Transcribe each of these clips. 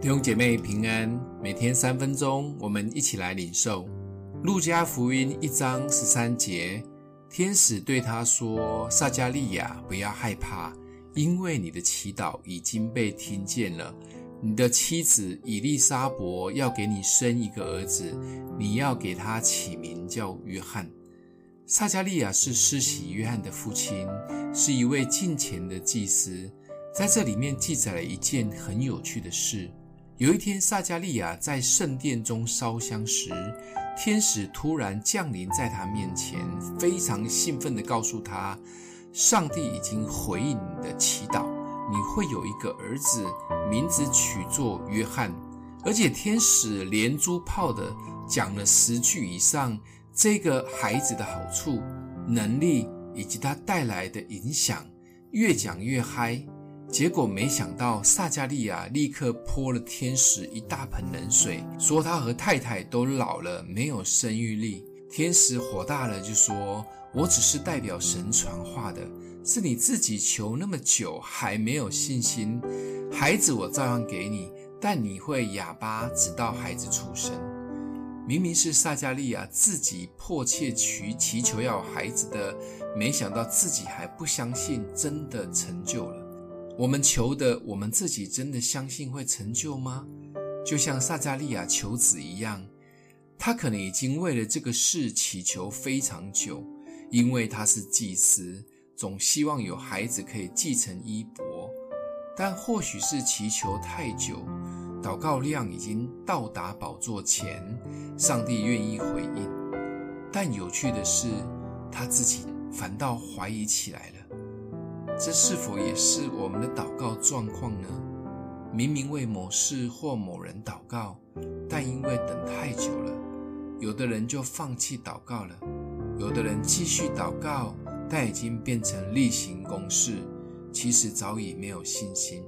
弟兄姐妹平安，每天三分鐘，我們一起來領受《路加福音》一章十三節。天使對他說：“撒迦利亞，不要害怕，因為你的祈禱已經被聽見了。你的妻子以利沙伯要給你生一個兒子，你要給他起名叫約翰。”撒迦利亞是施洗約翰的父親，是一位敬虔的祭司。在這裡面記載了一件很有趣的事。有一天，撒迦利亞在聖殿中燒香時，天使突然降臨在他面前，非常興奮地告訴他：“上帝已經回應你的祈禱，你會有一個兒子，名字取作約翰。”而且天使連珠炮地講了十句以上，這個孩子的好處、能力以及他帶來的影響，越講越嗨。結果沒想到，撒迦利亞立刻潑了天使一大盆冷水，說：“他和太太都老了，沒有生育力。”天使火大了，就說：“我只是代表神傳話的，是你自己求那麼久還沒有信心，孩子我照樣給你，但你會啞巴直到孩子出生。”明明是撒迦利亞自己迫切去祈求要孩子的，沒想到自己還不相信，真的成就了。我們求的，我們自己真的相信會成就嗎？就像撒迦利亞求子一樣，他可能已經為了這個事祈求非常久，因為他是祭司，總希望有孩子可以繼承衣缽。但或許是祈求太久，禱告量已經到達寶座前，上帝願意回應。但有趣的是，他自己反倒懷疑起來了。這是否也是我們的禱告狀況呢？明明為某事或某人禱告，但因為等太久了，有的人就放棄禱告了；有的人繼續禱告，但已經變成例行公事，其實早已沒有信心。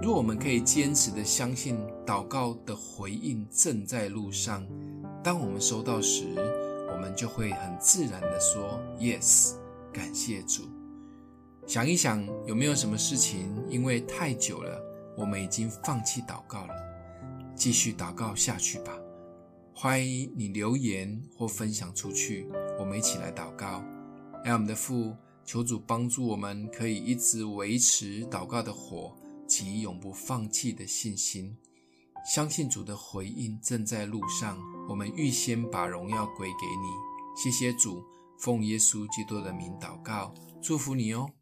若我們可以堅持的相信禱告的回應正在路上，當我們收到時，我們就會很自然的說 “Yes”，感謝主。想一想，有沒有什麼事情因為太久了，我們已經放棄禱告了？繼續禱告下去吧。歡迎你留言或分享出去，我們一起來禱告。阿們。的父，求主幫助我們可以一直維持禱告的火及永不放棄的信心。相信主的回應正在路上。我們預先把榮耀歸給你。謝謝主，奉耶穌基督的名禱告，祝福你哦。